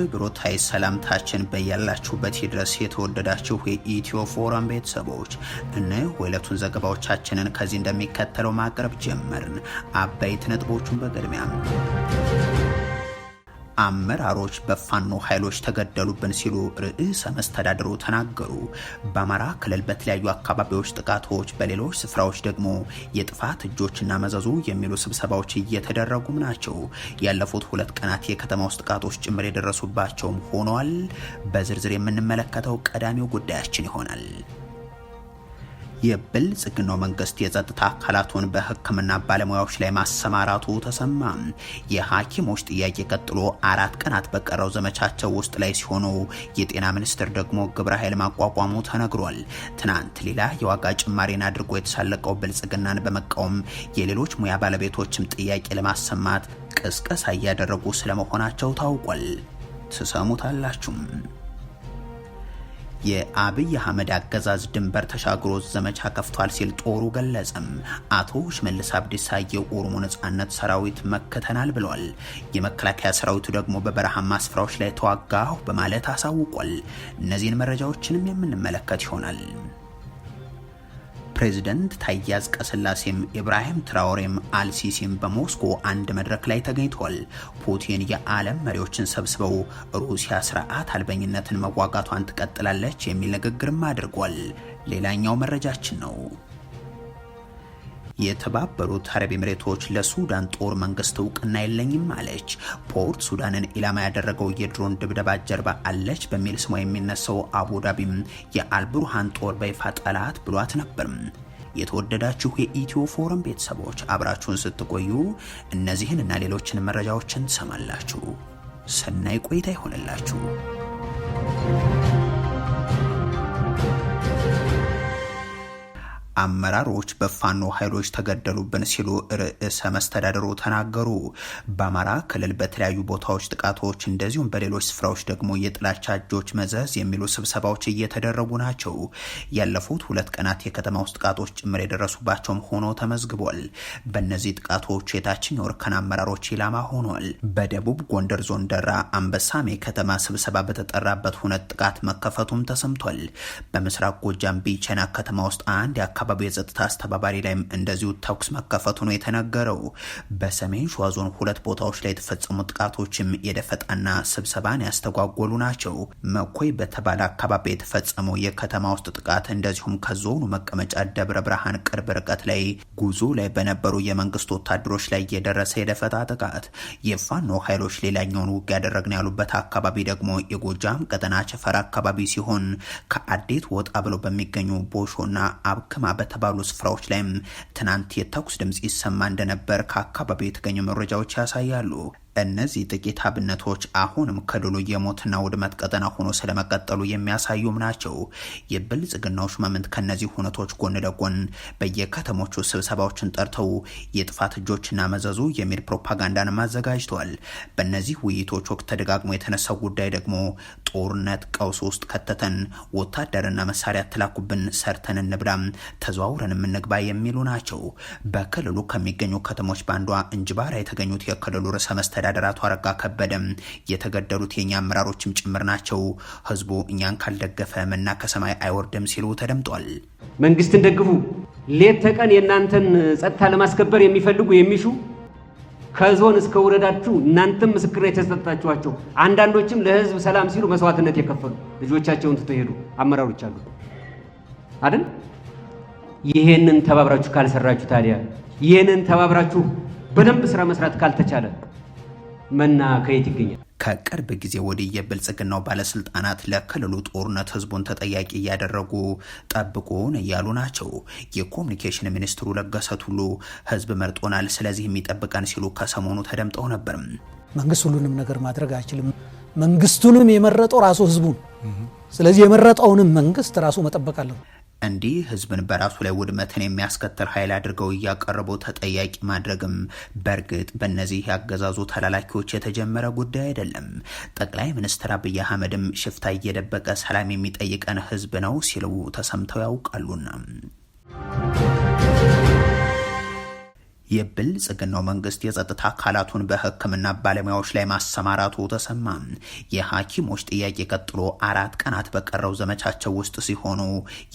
ክብሮታይ ሰላምታችን በያላችሁበት ድረስ የተወደዳችሁ የኢትዮ ፎረም ቤተሰቦች እነ ሁለቱን ዘገባዎቻችንን ከዚህ እንደሚከተለው ማቅረብ ጀመርን። አበይት ነጥቦቹን በቅድሚያ አመራሮች በፋኖ ኃይሎች ተገደሉብን ሲሉ ርዕሰ መስተዳድሩ ተናገሩ። በአማራ ክልል በተለያዩ አካባቢዎች ጥቃቶች፣ በሌሎች ስፍራዎች ደግሞ የጥፋት እጆችና መዘዙ የሚሉ ስብሰባዎች እየተደረጉም ናቸው። ያለፉት ሁለት ቀናት የከተማ ውስጥ ጥቃቶች ጭምር የደረሱባቸውም ሆነዋል። በዝርዝር የምንመለከተው ቀዳሚው ጉዳያችን ይሆናል። የብልጽግናው መንግስት የጸጥታ አካላቱን በህክምና ባለሙያዎች ላይ ማሰማራቱ ተሰማ። የሐኪሞች ጥያቄ ቀጥሎ አራት ቀናት በቀረው ዘመቻቸው ውስጥ ላይ ሲሆኑ የጤና ሚኒስቴር ደግሞ ግብረ ኃይል ማቋቋሙ ተነግሯል። ትናንት ሌላ የዋጋ ጭማሪን አድርጎ የተሳለቀው ብልጽግናን በመቃወም የሌሎች ሙያ ባለቤቶችም ጥያቄ ለማሰማት ቅስቀሳ እያደረጉ ስለመሆናቸው ታውቋል። ትሰሙታላችሁም። የአብይ አህመድ አገዛዝ ድንበር ተሻግሮ ዘመቻ ከፍቷል ሲል ጦሩ ገለጸም። አቶ ሽመልስ አብዲሳ የኦሮሞ ነጻነት ሰራዊት መከተናል ብለዋል። የመከላከያ ሰራዊቱ ደግሞ በበረሃማ ስፍራዎች ላይ ተዋጋሁ በማለት አሳውቋል። እነዚህን መረጃዎችንም የምንመለከት ይሆናል። ፕሬዚደንት ታዬ አጽቀሥላሴም ኢብራሂም ትራውሬም አልሲሲም በሞስኮ አንድ መድረክ ላይ ተገኝቷል። ፑቲን የዓለም መሪዎችን ሰብስበው ሩሲያ ስርዓት አልበኝነትን መዋጋቷን ትቀጥላለች የሚል ንግግርም አድርጓል። ሌላኛው መረጃችን ነው። የተባበሩት አረብ ኤምሬቶች ለሱዳን ጦር መንግስት እውቅና የለኝም አለች። ፖርት ሱዳንን ኢላማ ያደረገው የድሮን ድብደባ ጀርባ አለች በሚል ስሟ የሚነሳው አቡዳቢም የአልብሩሃን ጦር በይፋ ጠላት ብሏት ነበር። የተወደዳችሁ የኢትዮ ፎረም ቤተሰቦች አብራችሁን ስትቆዩ እነዚህን እና ሌሎችን መረጃዎችን ትሰማላችሁ። ሰናይ ቆይታ ይሆንላችሁ። አመራሮች በፋኖ ኃይሎች ተገደሉብን ሲሉ ርዕሰ መስተዳደሩ ተናገሩ። በአማራ ክልል በተለያዩ ቦታዎች ጥቃቶች፣ እንደዚሁም በሌሎች ስፍራዎች ደግሞ የጥላቻ እጆች መዘዝ የሚሉ ስብሰባዎች እየተደረጉ ናቸው። ያለፉት ሁለት ቀናት የከተማ ውስጥ ጥቃቶች ጭምር የደረሱባቸውም ሆኖ ተመዝግቧል። በእነዚህ ጥቃቶች የታችኛው እርከን አመራሮች ኢላማ ሆኗል። በደቡብ ጎንደር ዞን ደራ አንበሳሜ ከተማ ስብሰባ በተጠራበት ሁነት ጥቃት መከፈቱም ተሰምቷል። በምስራቅ ጎጃም ቢቸና ከተማ ውስጥ አንድ የአካባቢ በአካባቢው የጸጥታ አስተባባሪ ላይም እንደዚሁ ተኩስ መከፈቱ ነው የተነገረው። በሰሜን ሸዋ ዞን ሁለት ቦታዎች ላይ የተፈጸሙ ጥቃቶችም የደፈጣና ስብሰባን ያስተጓጎሉ ናቸው። መኮይ በተባለ አካባቢ የተፈጸመው የከተማ ውስጥ ጥቃት እንደዚሁም ከዞኑ መቀመጫ ደብረ ብርሃን ቅርብ ርቀት ላይ ጉዞ ላይ በነበሩ የመንግስት ወታደሮች ላይ የደረሰ የደፈጣ ጥቃት፣ የፋኖ ኃይሎች ሌላኛውን ውግ ያደረግን ያሉበት አካባቢ ደግሞ የጎጃም ቀጠና ቸፈር አካባቢ ሲሆን ከአዴት ወጣ ብሎ በሚገኙ ቦሾና አብክማ በተባሉ ስፍራዎች ላይም ትናንት የተኩስ ድምፅ ይሰማ እንደነበር ከአካባቢው የተገኙ መረጃዎች ያሳያሉ። እነዚህ ጥቂት አብነቶች አሁንም ክልሉ የሞትና ውድመት ቀጠና ሆኖ ስለመቀጠሉ የሚያሳዩም ናቸው። የብልጽግናው ሹማምንት ከነዚህ ሁነቶች ጎን ለጎን በየከተሞቹ ስብሰባዎችን ጠርተው የጥፋት እጆችና መዘዙ የሚል ፕሮፓጋንዳንም አዘጋጅተዋል። በእነዚህ ውይይቶች ወቅት ተደጋግሞ የተነሳው ጉዳይ ደግሞ ጦርነት ቀውስ ውስጥ ከተተን፣ ወታደርና መሳሪያ ትላኩብን፣ ሰርተን እንብላም፣ ተዘዋውረን የምንግባ የሚሉ ናቸው። በክልሉ ከሚገኙ ከተሞች በአንዷ እንጅባራ የተገኙት የክልሉ ርዕሰ መስተ አስተዳደር አቶ አረጋ ከበደም የተገደሉት የእኛ አመራሮችም ጭምር ናቸው፣ ህዝቡ እኛን ካልደገፈ መና ከሰማይ አይወርድም ሲሉ ተደምጧል። መንግስትን ደግፉ፣ ሌት ተቀን የእናንተን ጸጥታ ለማስከበር የሚፈልጉ የሚሹ ከዞን እስከ ወረዳችሁ እናንተም ምስክር የተሰጣችኋቸው፣ አንዳንዶችም ለህዝብ ሰላም ሲሉ መስዋዕትነት የከፈሉ ልጆቻቸውን ትተው ሄዱ አመራሮች አሉ አይደል? ይህንን ተባብራችሁ ካልሰራችሁ ታዲያ ይህንን ተባብራችሁ በደንብ ስራ መስራት ካልተቻለ መና ከየት ይገኛል? ከቅርብ ጊዜ ወዲህ የብልጽግናው ባለስልጣናት ለክልሉ ጦርነት ህዝቡን ተጠያቂ እያደረጉ ጠብቁን እያሉ ናቸው። የኮሚኒኬሽን ሚኒስትሩ ለገሰ ቱሉ ህዝብ መርጦናል፣ ስለዚህ የሚጠብቀን ሲሉ ከሰሞኑ ተደምጠው ነበር። መንግስት ሁሉንም ነገር ማድረግ አይችልም። መንግስቱንም የመረጠው ራሱ ህዝቡን፣ ስለዚህ የመረጠውንም መንግስት ራሱ መጠበቅ አለበት። እንዲህ ህዝብን በራሱ ላይ ውድመትን የሚያስከትል ኃይል አድርገው እያቀረቡ ተጠያቂ ማድረግም በእርግጥ በእነዚህ ያገዛዙ ተላላኪዎች የተጀመረ ጉዳይ አይደለም። ጠቅላይ ሚኒስትር አብይ አህመድም ሽፍታ እየደበቀ ሰላም የሚጠይቀን ህዝብ ነው ሲሉ ተሰምተው ያውቃሉና የብልጽግናው መንግስት የጸጥታ አካላቱን በህክምና ባለሙያዎች ላይ ማሰማራቱ ተሰማ። የሐኪሞች ጥያቄ ቀጥሎ አራት ቀናት በቀረው ዘመቻቸው ውስጥ ሲሆኑ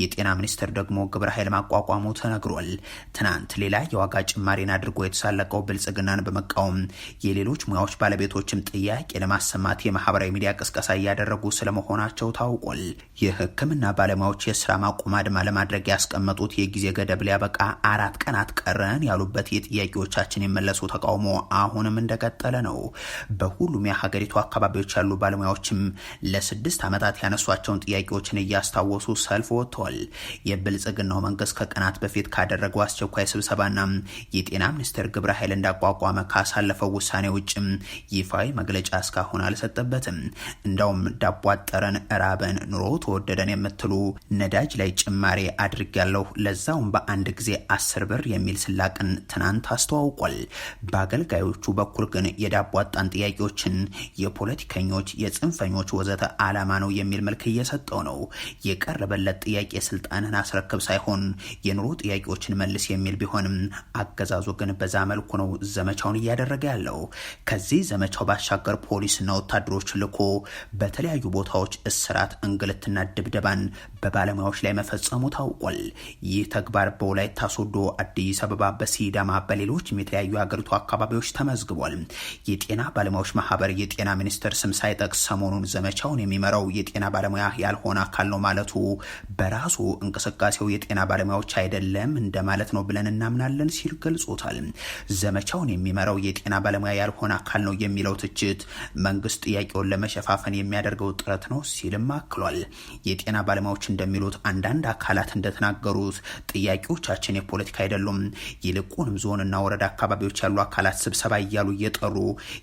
የጤና ሚኒስቴር ደግሞ ግብረ ኃይል ማቋቋሙ ተነግሯል። ትናንት ሌላ የዋጋ ጭማሪን አድርጎ የተሳለቀው ብልጽግናን በመቃወም የሌሎች ሙያዎች ባለቤቶችም ጥያቄ ለማሰማት የማህበራዊ ሚዲያ ቅስቀሳ እያደረጉ ስለመሆናቸው ታውቋል። የህክምና ባለሙያዎች የስራ ማቆም አድማ ለማድረግ ያስቀመጡት የጊዜ ገደብ ሊያበቃ አራት ቀናት ቀረን ያሉበት ጥያቄዎቻችን የመለሱ ተቃውሞ አሁንም እንደቀጠለ ነው። በሁሉም የሀገሪቱ አካባቢዎች ያሉ ባለሙያዎችም ለስድስት ዓመታት ያነሷቸውን ጥያቄዎችን እያስታወሱ ሰልፍ ወጥተዋል። የብልጽግናው መንግስት ከቀናት በፊት ካደረገው አስቸኳይ ስብሰባና የጤና ሚኒስቴር ግብረ ኃይል እንዳቋቋመ ካሳለፈው ውሳኔ ውጭም ይፋዊ መግለጫ እስካሁን አልሰጠበትም። እንዳውም ዳቦ አጠረን፣ ራበን፣ ኑሮ ተወደደን የምትሉ ነዳጅ ላይ ጭማሬ አድርግ ለዛውም በአንድ ጊዜ አስር ብር የሚል ስላቅን ትናንት ትናንት አስተዋውቋል። በአገልጋዮቹ በኩል ግን የዳቦ አጣን ጥያቄዎችን የፖለቲከኞች፣ የጽንፈኞች ወዘተ አላማ ነው የሚል መልክ እየሰጠው ነው። የቀረበለት ጥያቄ ስልጣንን አስረክብ ሳይሆን የኑሮ ጥያቄዎችን መልስ የሚል ቢሆንም አገዛዙ ግን በዛ መልኩ ነው ዘመቻውን እያደረገ ያለው። ከዚህ ዘመቻው ባሻገር ፖሊስና ወታደሮች ልኮ በተለያዩ ቦታዎች እስራት፣ እንግልትና ድብደባን በባለሙያዎች ላይ መፈጸሙ ታውቋል። ይህ ተግባር በወላይታ ሶዶ፣ አዲስ አበባ፣ በሲዳማ በሌሎችም የተለያዩ ሀገሪቱ አካባቢዎች ተመዝግቧል። የጤና ባለሙያዎች ማህበር የጤና ሚኒስቴር ስም ሳይጠቅስ ሰሞኑን ዘመቻውን የሚመራው የጤና ባለሙያ ያልሆነ አካል ነው ማለቱ በራሱ እንቅስቃሴው የጤና ባለሙያዎች አይደለም እንደማለት ነው ብለን እናምናለን ሲል ገልጾታል። ዘመቻውን የሚመራው የጤና ባለሙያ ያልሆነ አካል ነው የሚለው ትችት መንግስት ጥያቄውን ለመሸፋፈን የሚያደርገው ጥረት ነው ሲልም አክሏል። የጤና ባለሙያዎች እንደሚሉት አንዳንድ አካላት እንደተናገሩት ጥያቄዎቻችን የፖለቲካ አይደሉም፣ ይልቁንም ዞንና ወረዳ አካባቢዎች ያሉ አካላት ስብሰባ እያሉ እየጠሩ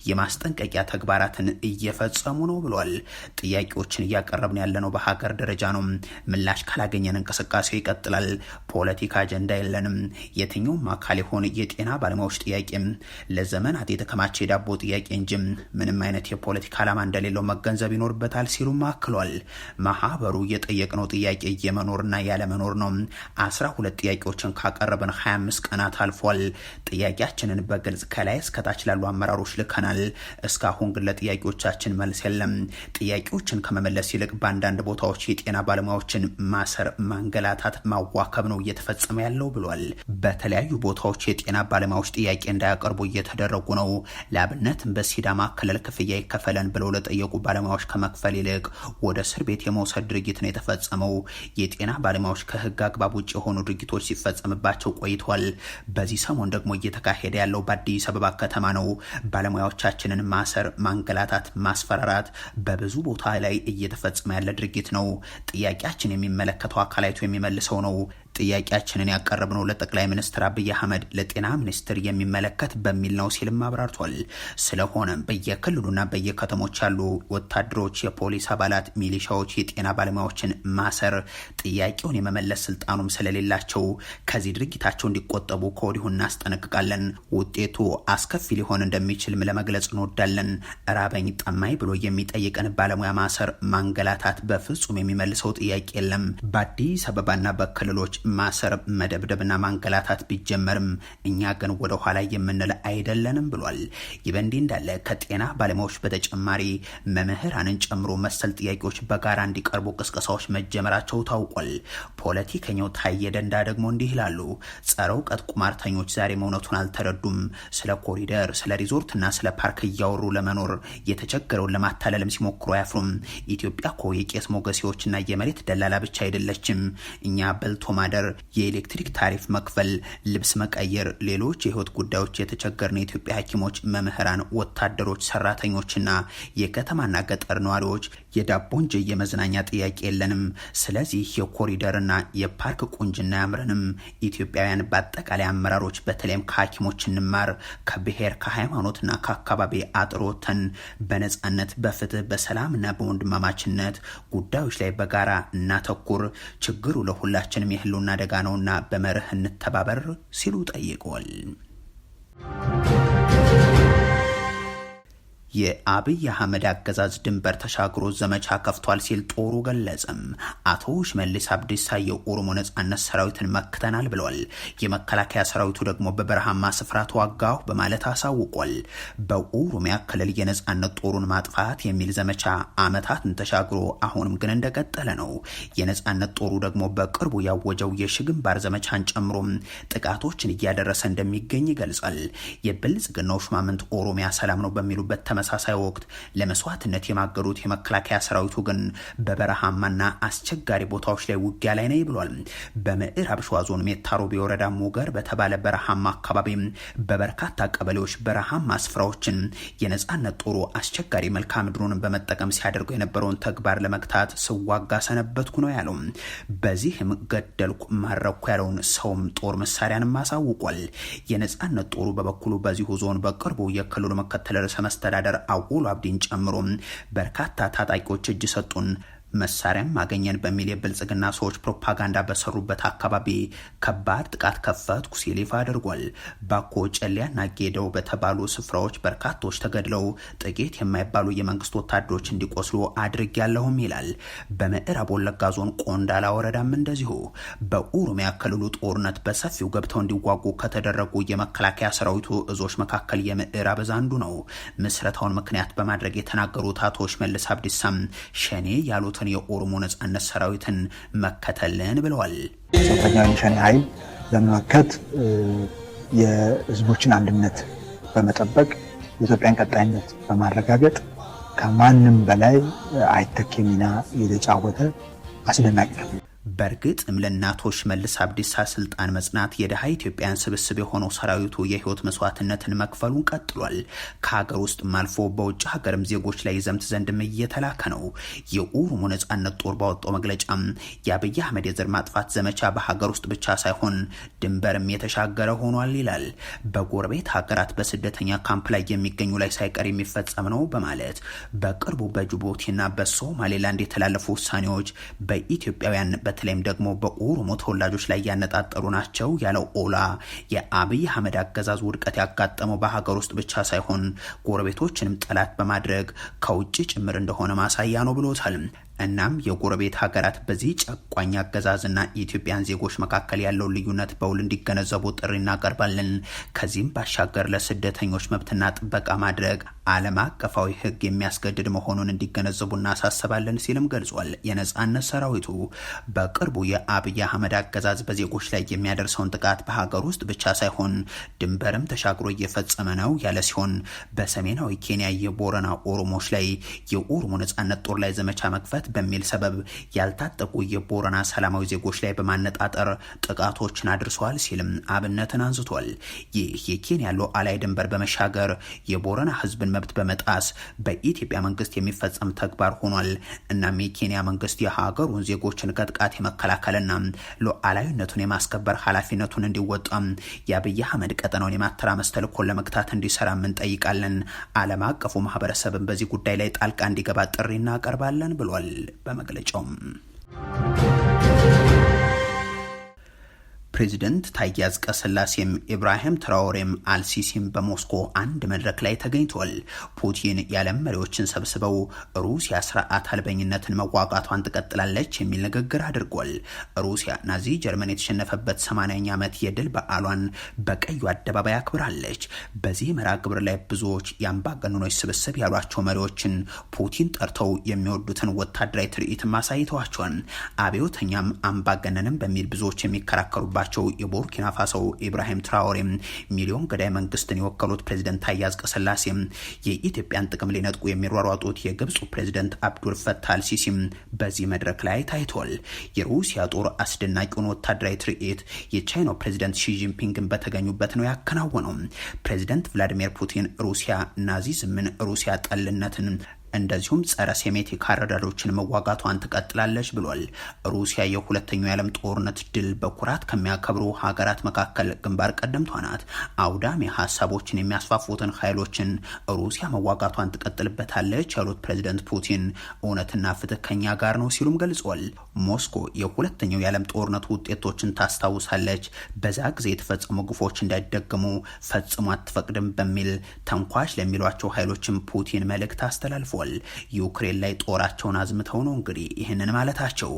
የማስጠንቀቂያ ተግባራትን እየፈጸሙ ነው ብሏል። ጥያቄዎችን እያቀረብን ያለነው በሀገር ደረጃ ነው። ምላሽ ካላገኘን እንቅስቃሴው ይቀጥላል። ፖለቲካ አጀንዳ የለንም። የትኛውም አካል የሆን የጤና ባለሙያዎች ጥያቄ ለዘመናት የተከማቸ የዳቦ ጥያቄ እንጂ ምንም አይነት የፖለቲካ ዓላማ እንደሌለው መገንዘብ ይኖርበታል ሲሉም አክሏል። ማህበሩ የጠየቅነው ጥያቄ የመኖርና ያለመኖር ነው። አስራ ሁለት ጥያቄዎችን ካቀረብን 25 ቀናት አልፏል። ጥያቄያችንን በግልጽ ከላይ እስከታች ላሉ አመራሮች ልከናል። እስካሁን ግን ለጥያቄዎቻችን መልስ የለም። ጥያቄዎችን ከመመለስ ይልቅ በአንዳንድ ቦታዎች የጤና ባለሙያዎችን ማሰር፣ ማንገላታት፣ ማዋከብ ነው እየተፈጸመ ያለው ብሏል። በተለያዩ ቦታዎች የጤና ባለሙያዎች ጥያቄ እንዳያቀርቡ እየተደረጉ ነው። ለአብነትም በሲዳማ ክልል ክፍያ ይከፈለን ብለው ለጠየቁ ባለሙያዎች ከመክፈል ይልቅ ወደ እስር ቤት የመውሰድ ድርጊት ነው የተፈጸመው። የጤና ባለሙያዎች ከህግ አግባብ ውጭ የሆኑ ድርጊቶች ሲፈጸምባቸው ቆይተዋል። በዚህ ሰሞ አሁን ደግሞ እየተካሄደ ያለው በአዲስ አበባ ከተማ ነው። ባለሙያዎቻችንን ማሰር፣ ማንገላታት፣ ማስፈራራት በብዙ ቦታ ላይ እየተፈጸመ ያለ ድርጊት ነው። ጥያቄያችን የሚመለከተው አካላይቱ የሚመልሰው ነው። ጥያቄያችንን ያቀረብነው ለጠቅላይ ሚኒስትር አብይ አህመድ ለጤና ሚኒስትር የሚመለከት በሚል ነው ሲልም አብራርቷል። ስለሆነም በየክልሉና በየከተሞች ያሉ ወታደሮች፣ የፖሊስ አባላት፣ ሚሊሻዎች የጤና ባለሙያዎችን ማሰር ጥያቄውን የመመለስ ስልጣኑም ስለሌላቸው ከዚህ ድርጊታቸው እንዲቆጠቡ ከወዲሁ እናስጠነቅቃለን። ውጤቱ አስከፊ ሊሆን እንደሚችልም ለመግለጽ እንወዳለን። ራበኝ ጠማኝ ብሎ የሚጠይቅን ባለሙያ ማሰር፣ ማንገላታት በፍጹም የሚመልሰው ጥያቄ የለም። በአዲስ አበባና በክልሎች ማሰር፣ መደብደብና ማንገላታት ቢጀመርም እኛ ግን ወደኋላ የምንል አይደለንም ብሏል። ይህ በእንዲህ እንዳለ ከጤና ባለሙያዎች በተጨማሪ መምህራንን ጨምሮ መሰል ጥያቄዎች በጋራ እንዲቀርቡ ቅስቀሳዎች መጀመራቸው ታውቋል። ፖለቲከኛው ታየ ደንዳ ደግሞ እንዲህ ይላሉ። ጸረ እውቀት ቁማርተኞች ዛሬ መውነቱን አልተረዱም። ስለ ኮሪደር፣ ስለ ሪዞርትና ስለ ፓርክ እያወሩ ለመኖር የተቸገረውን ለማታለልም ሲሞክሩ አያፍሩም። ኢትዮጵያ ኮ የቄስ ሞገሴዎችና የመሬት ደላላ ብቻ አይደለችም። እኛ በልቶማ። ማደር፣ የኤሌክትሪክ ታሪፍ መክፈል፣ ልብስ መቀየር፣ ሌሎች የህይወት ጉዳዮች የተቸገርን የኢትዮጵያ ሐኪሞች፣ መምህራን፣ ወታደሮች፣ ሰራተኞችና የከተማና ገጠር ነዋሪዎች የዳቦ እንጂ የመዝናኛ ጥያቄ የለንም። ስለዚህ የኮሪደርና የፓርክ ቁንጅና ያምረንም። ኢትዮጵያውያን በአጠቃላይ አመራሮች በተለይም ከሐኪሞች እንማር። ከብሔር ከሃይማኖትና ከአካባቢ አጥሮተን በነጻነት በፍትህ በሰላምና በወንድማማችነት ጉዳዮች ላይ በጋራ እናተኩር። ችግሩ ለሁላችንም የህሉ ያለውን አደጋ ነውና በመርህ እንተባበር ሲሉ ጠይቋል። የአብይ አህመድ አገዛዝ ድንበር ተሻግሮ ዘመቻ ከፍቷል ሲል ጦሩ ገለጸም። አቶ ሽመልስ አብዲሳ የኦሮሞ ነጻነት ሰራዊትን መክተናል ብለል። የመከላከያ ሰራዊቱ ደግሞ በበረሃማ ስፍራ ተዋጋሁ በማለት አሳውቋል። በኦሮሚያ ክልል የነጻነት ጦሩን ማጥፋት የሚል ዘመቻ አመታትን ተሻግሮ አሁንም ግን እንደቀጠለ ነው። የነጻነት ጦሩ ደግሞ በቅርቡ ያወጀው የሽግንባር ዘመቻን ጨምሮም ጥቃቶችን እያደረሰ እንደሚገኝ ይገልጻል። የብልጽግናው ሹማምንት ኦሮሚያ ሰላም ነው በሚሉበት በተመሳሳይ ወቅት ለመስዋዕትነት የማገዱት የመከላከያ ሰራዊቱ ግን በበረሃማና አስቸጋሪ ቦታዎች ላይ ውጊያ ላይ ነው ብሏል። በምዕራብ ሸዋ ዞን ሜታ ሮቢ ወረዳ ሞገር በተባለ በረሃማ አካባቢ በበርካታ ቀበሌዎች በረሃማ ስፍራዎችን የነጻነት ጦሩ አስቸጋሪ መልክዓ ምድሩን በመጠቀም ሲያደርገው የነበረውን ተግባር ለመግታት ስዋጋ ሰነበትኩ ነው ያለው። በዚህም ገደልኩ ማረኩ ያለውን ሰውም ጦር መሳሪያንም አሳውቋል። የነጻነት ጦሩ በበኩሉ በዚሁ ዞን በቅርቡ የክልሉ መከተል ርዕሰ መስተዳደር አምባሳደር አወሉ አብዲን ጨምሮ በርካታ ታጣቂዎች እጅ ሰጡን መሳሪያም ማገኘን በሚል የብልጽግና ሰዎች ፕሮፓጋንዳ በሰሩበት አካባቢ ከባድ ጥቃት ከፈትኩ ሲል ይፋ አድርጓል። ባኮ፣ ጨሊያና ጌደው በተባሉ ስፍራዎች በርካቶች ተገድለው ጥቂት የማይባሉ የመንግስት ወታደሮች እንዲቆስሉ አድርጊያለሁም ይላል። በምዕራብ ወለጋ ዞን ቆንዳላ ወረዳም እንደዚሁ በኦሮሚያ ክልሉ ጦርነት በሰፊው ገብተው እንዲዋጉ ከተደረጉ የመከላከያ ሰራዊቱ እዞች መካከል የምዕራብ እዝ አንዱ ነው። ምስረታውን ምክንያት በማድረግ የተናገሩት አቶ ሽመልስ አብዲሳም ሸኔ ያሉት የሆኑትን የኦሮሞ ነጻነት ሰራዊትን መከተልን ብለዋል። ሶስተኛው የሸኔ ኃይል ለመመከት የህዝቦችን አንድነት በመጠበቅ የኢትዮጵያን ቀጣይነት በማረጋገጥ ከማንም በላይ አይተኬ ሚና የተጫወተ አስደናቂ ነው። በእርግጥም ለእናቶች መልስ አብዲሳ ስልጣን መጽናት የድሃ ኢትዮጵያን ስብስብ የሆነው ሰራዊቱ የህይወት መስዋዕትነትን መክፈሉን ቀጥሏል። ከሀገር ውስጥም አልፎ በውጭ ሀገርም ዜጎች ላይ ዘምት ዘንድም እየተላከ ነው። የኦሮሞ ነጻነት ጦር ባወጣው መግለጫም የአብይ አህመድ የዘር ማጥፋት ዘመቻ በሀገር ውስጥ ብቻ ሳይሆን ድንበርም የተሻገረ ሆኗል ይላል። በጎረቤት ሀገራት በስደተኛ ካምፕ ላይ የሚገኙ ላይ ሳይቀር የሚፈጸም ነው በማለት በቅርቡ በጅቡቲና በሶማሌላንድ የተላለፉ ውሳኔዎች በኢትዮጵያውያን በተለይ በተለይም ደግሞ በኦሮሞ ተወላጆች ላይ ያነጣጠሩ ናቸው ያለው ኦላ የአብይ አህመድ አገዛዝ ውድቀት ያጋጠመው በሀገር ውስጥ ብቻ ሳይሆን ጎረቤቶችንም ጠላት በማድረግ ከውጭ ጭምር እንደሆነ ማሳያ ነው ብሎታል። እናም የጎረቤት ሀገራት በዚህ ጨቋኝ አገዛዝና የኢትዮጵያን ዜጎች መካከል ያለውን ልዩነት በውል እንዲገነዘቡ ጥሪ እናቀርባለን። ከዚህም ባሻገር ለስደተኞች መብትና ጥበቃ ማድረግ ዓለም አቀፋዊ ሕግ የሚያስገድድ መሆኑን እንዲገነዘቡ እናሳስባለን ሲልም ገልጿል። የነጻነት ሰራዊቱ በቅርቡ የአብይ አህመድ አገዛዝ በዜጎች ላይ የሚያደርሰውን ጥቃት በሀገር ውስጥ ብቻ ሳይሆን ድንበርም ተሻግሮ እየፈጸመ ነው ያለ ሲሆን በሰሜናዊ ኬንያ የቦረና ኦሮሞች ላይ የኦሮሞ ነጻነት ጦር ላይ ዘመቻ መክፈት በሚል ሰበብ ያልታጠቁ የቦረና ሰላማዊ ዜጎች ላይ በማነጣጠር ጥቃቶችን አድርሰዋል ሲልም አብነትን አንስቷል። ይህ የኬንያ ሉዓላዊ ድንበር በመሻገር የቦረና ህዝብን መብት በመጣስ በኢትዮጵያ መንግስት የሚፈጸም ተግባር ሆኗል። እናም የኬንያ መንግስት የሀገሩን ዜጎችን ከጥቃት የመከላከልና ሉዓላዊነቱን የማስከበር ኃላፊነቱን እንዲወጣም የአብይ አህመድ ቀጠናውን የማተራመስ ተልእኮን ለመግታት እንዲሰራም እንጠይቃለን። ዓለም አቀፉ ማህበረሰብን በዚህ ጉዳይ ላይ ጣልቃ እንዲገባ ጥሪ እናቀርባለን ብሏል። በመግለጫውም ፕሬዚደንት ታዬ አጽቀሥላሴም ኢብራሂም ትራኦሬም አልሲሲም በሞስኮ አንድ መድረክ ላይ ተገኝቷል። ፑቲን የዓለም መሪዎችን ሰብስበው ሩሲያ ስርዓት አልበኝነትን መዋጋቷን ትቀጥላለች የሚል ንግግር አድርጓል። ሩሲያ ናዚ ጀርመን የተሸነፈበት 80ኛ ዓመት የድል በዓሏን በቀዩ አደባባይ አክብራለች። በዚህ መርሃ ግብር ላይ ብዙዎች የአምባገነኖች ስብስብ ያሏቸው መሪዎችን ፑቲን ጠርተው የሚወዱትን ወታደራዊ ትርኢትም አሳይተዋቸዋል። አብዮተኛም አምባገነንም በሚል ብዙዎች የሚከራከሩባት የደረሰባቸው የቡርኪና ፋሶ ኢብራሂም ትራኦሬም ሚሊዮን ገዳይ መንግስትን የወከሉት ፕሬዚደንት ታዬ ቀስላሴ የኢትዮጵያን ጥቅም ሊነጥቁ የሚሯሯጡት የግብፁ ፕሬዚደንት አብዱል ፈታህ አልሲሲም በዚህ መድረክ ላይ ታይቷል። የሩሲያ ጦር አስደናቂውን ወታደራዊ ትርኢት የቻይናው ፕሬዚደንት ሺጂንፒንግን በተገኙበት ነው ያከናወነው። ፕሬዚደንት ቭላዲሚር ፑቲን ሩሲያ ናዚዝምን፣ ሩሲያ ጠልነትን እንደዚሁም ጸረ ሴሜቲክ አረዳዶችን መዋጋቷን ትቀጥላለች ብሏል። ሩሲያ የሁለተኛው የዓለም ጦርነት ድል በኩራት ከሚያከብሩ ሀገራት መካከል ግንባር ቀደምቷ ናት። አውዳሚ ሀሳቦችን የሚያስፋፉትን ኃይሎችን ሩሲያ መዋጋቷን ትቀጥልበታለች ያሉት ፕሬዚደንት ፑቲን እውነትና ፍትህ ከኛ ጋር ነው ሲሉም ገልጿል። ሞስኮ የሁለተኛው የዓለም ጦርነት ውጤቶችን ታስታውሳለች፣ በዛ ጊዜ የተፈጸሙ ግፎች እንዳይደገሙ ፈጽሞ አትፈቅድም በሚል ተንኳሽ ለሚሏቸው ኃይሎችን ፑቲን መልእክት አስተላልፏል። ሲኦል ዩክሬን ላይ ጦራቸውን አዝምተው ነው እንግዲህ ይህንን ማለታቸው።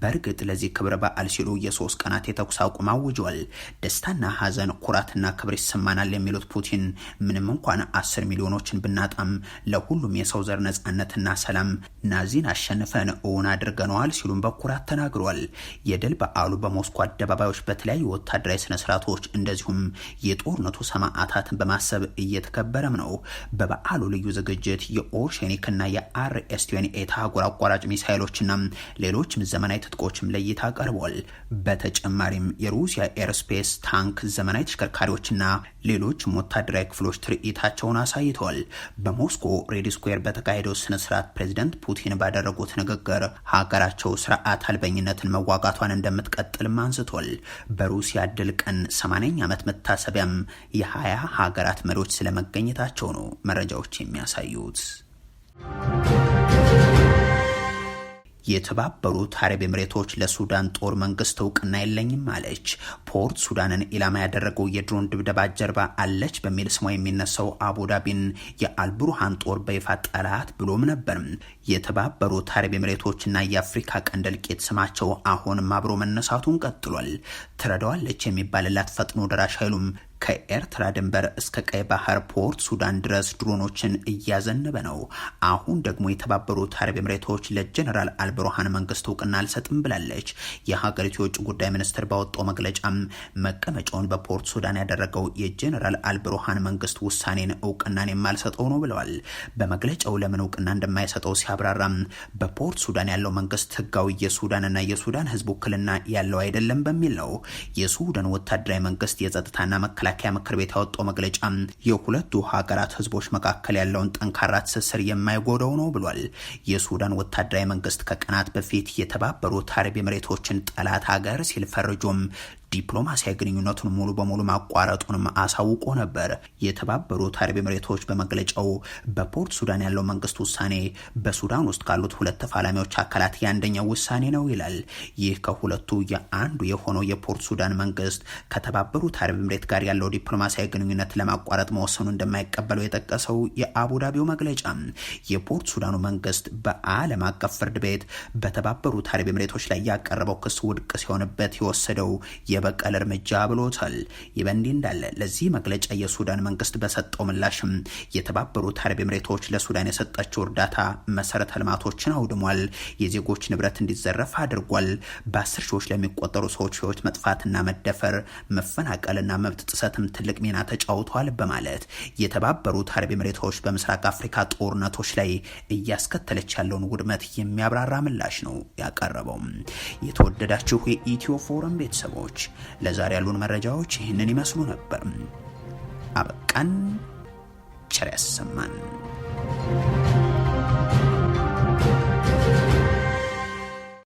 በእርግጥ ለዚህ ክብረ በዓል ሲሉ የሶስት ቀናት የተኩስ አቁም አውጇል። ደስታና ሀዘን ኩራትና ክብር ይሰማናል የሚሉት ፑቲን ምንም እንኳን አስር ሚሊዮኖችን ብናጣም ለሁሉም የሰው ዘር ነጻነትና ሰላም ናዚን አሸንፈን እውን አድርገነዋል ሲሉም በኩራት ተናግሯል። የድል በዓሉ በሞስኮ አደባባዮች በተለያዩ ወታደራዊ ስነስርዓቶች እንደዚሁም የጦርነቱ ሰማዕታትን በማሰብ እየተከበረም ነው። በበዓሉ ልዩ ዝግጅት የኦርሼኒክ የአይራክና የአርኤስቲዩኤንኤ አህጉር አቋራጭ ሚሳይሎችና ሌሎችም ዘመናዊ ትጥቆችም ለእይታ ቀርቧል። በተጨማሪም የሩሲያ ኤርስፔስ ታንክ፣ ዘመናዊ ተሽከርካሪዎችና ሌሎችም ወታደራዊ ክፍሎች ትርኢታቸውን አሳይተዋል። በሞስኮ ሬድ ስኩዌር በተካሄደው ስነስርዓት ፕሬዚደንት ፑቲን ባደረጉት ንግግር ሀገራቸው ስርዓት አልበኝነትን መዋጋቷን እንደምትቀጥልም አንስቷል። በሩሲያ ድል ቀን 80ኛ ዓመት መታሰቢያም የሀያ ሀገራት መሪዎች ስለመገኘታቸው ነው መረጃዎች የሚያሳዩት። የተባበሩት አረብ ኤምሬቶች ለሱዳን ጦር መንግስት እውቅና የለኝም አለች። ፖርት ሱዳንን ኢላማ ያደረገው የድሮን ድብደባ ጀርባ አለች በሚል ስሟ የሚነሳው አቡዳቢን የአልቡርሃን ጦር በይፋ ጠላት ብሎም ነበር። የተባበሩት አረብ ኤምሬቶችና የአፍሪካ ቀንድ እልቂት ስማቸው አሁንም አብሮ መነሳቱን ቀጥሏል። ትረዳዋለች የሚባልላት ፈጥኖ ደራሽ ኃይሉም ከኤርትራ ድንበር እስከ ቀይ ባህር ፖርት ሱዳን ድረስ ድሮኖችን እያዘነበ ነው። አሁን ደግሞ የተባበሩት አረብ ኤምሬቶች ለጀነራል አልብርሃን መንግስት እውቅና አልሰጥም ብላለች። የሀገሪቱ የውጭ ጉዳይ ሚኒስትር ባወጣው መግለጫም መቀመጫውን በፖርት ሱዳን ያደረገው የጀነራል አልብርሃን መንግስት ውሳኔን እውቅናን የማልሰጠው ነው ብለዋል። በመግለጫው ለምን እውቅና እንደማይሰጠው ሲያ አብራራም። በፖርት ሱዳን ያለው መንግስት ህጋዊ የሱዳንና የሱዳን ህዝብ ውክልና ያለው አይደለም በሚል ነው የሱዳን ወታደራዊ መንግስት የጸጥታና መከላከያ ምክር ቤት ያወጣው መግለጫ የሁለቱ ሀገራት ህዝቦች መካከል ያለውን ጠንካራ ትስስር የማይጎዳው ነው ብሏል። የሱዳን ወታደራዊ መንግስት ከቀናት በፊት የተባበሩት አረብ ኤምሬቶችን ጠላት ሀገር ሲል ፈርጆም ዲፕሎማሲያዊ ግንኙነቱን ሙሉ በሙሉ ማቋረጡንም አሳውቆ ነበር። የተባበሩት አረብ ኤምሬቶች በመግለጫው በፖርት ሱዳን ያለው መንግስት ውሳኔ በሱዳን ውስጥ ካሉት ሁለት ተፋላሚዎች አካላት የአንደኛው ውሳኔ ነው ይላል። ይህ ከሁለቱ የአንዱ የሆነው የፖርት ሱዳን መንግስት ከተባበሩት አረብ ኤምሬት ጋር ያለው ዲፕሎማሲያዊ ግንኙነት ለማቋረጥ መወሰኑ እንደማይቀበለው የጠቀሰው የአቡዳቢው መግለጫ የፖርት ሱዳኑ መንግስት በዓለም አቀፍ ፍርድ ቤት በተባበሩት አረብ ኤምሬቶች ላይ ያቀረበው ክስ ውድቅ ሲሆንበት የወሰደው የበቀል እርምጃ ብሎታል። ይህ በእንዲህ እንዳለ ለዚህ መግለጫ የሱዳን መንግስት በሰጠው ምላሽም የተባበሩት አረብ ኤምሬቶች ለሱዳን የሰጠችው እርዳታ መሰረተ ልማቶችን አውድሟል፣ የዜጎች ንብረት እንዲዘረፍ አድርጓል፣ በአስር ሺዎች ለሚቆጠሩ ሰዎች ህይወት መጥፋትና መደፈር፣ መፈናቀልና መብት ጥሰትም ትልቅ ሚና ተጫውተዋል በማለት የተባበሩት አረብ ኤምሬቶች በምስራቅ አፍሪካ ጦርነቶች ላይ እያስከተለች ያለውን ውድመት የሚያብራራ ምላሽ ነው ያቀረበው። የተወደዳችሁ የኢትዮ ፎረም ቤተሰቦች ለዛሬ ያሉን መረጃዎች ይህንን ይመስሉ ነበር። አበቃን። ቸር ያሰማን።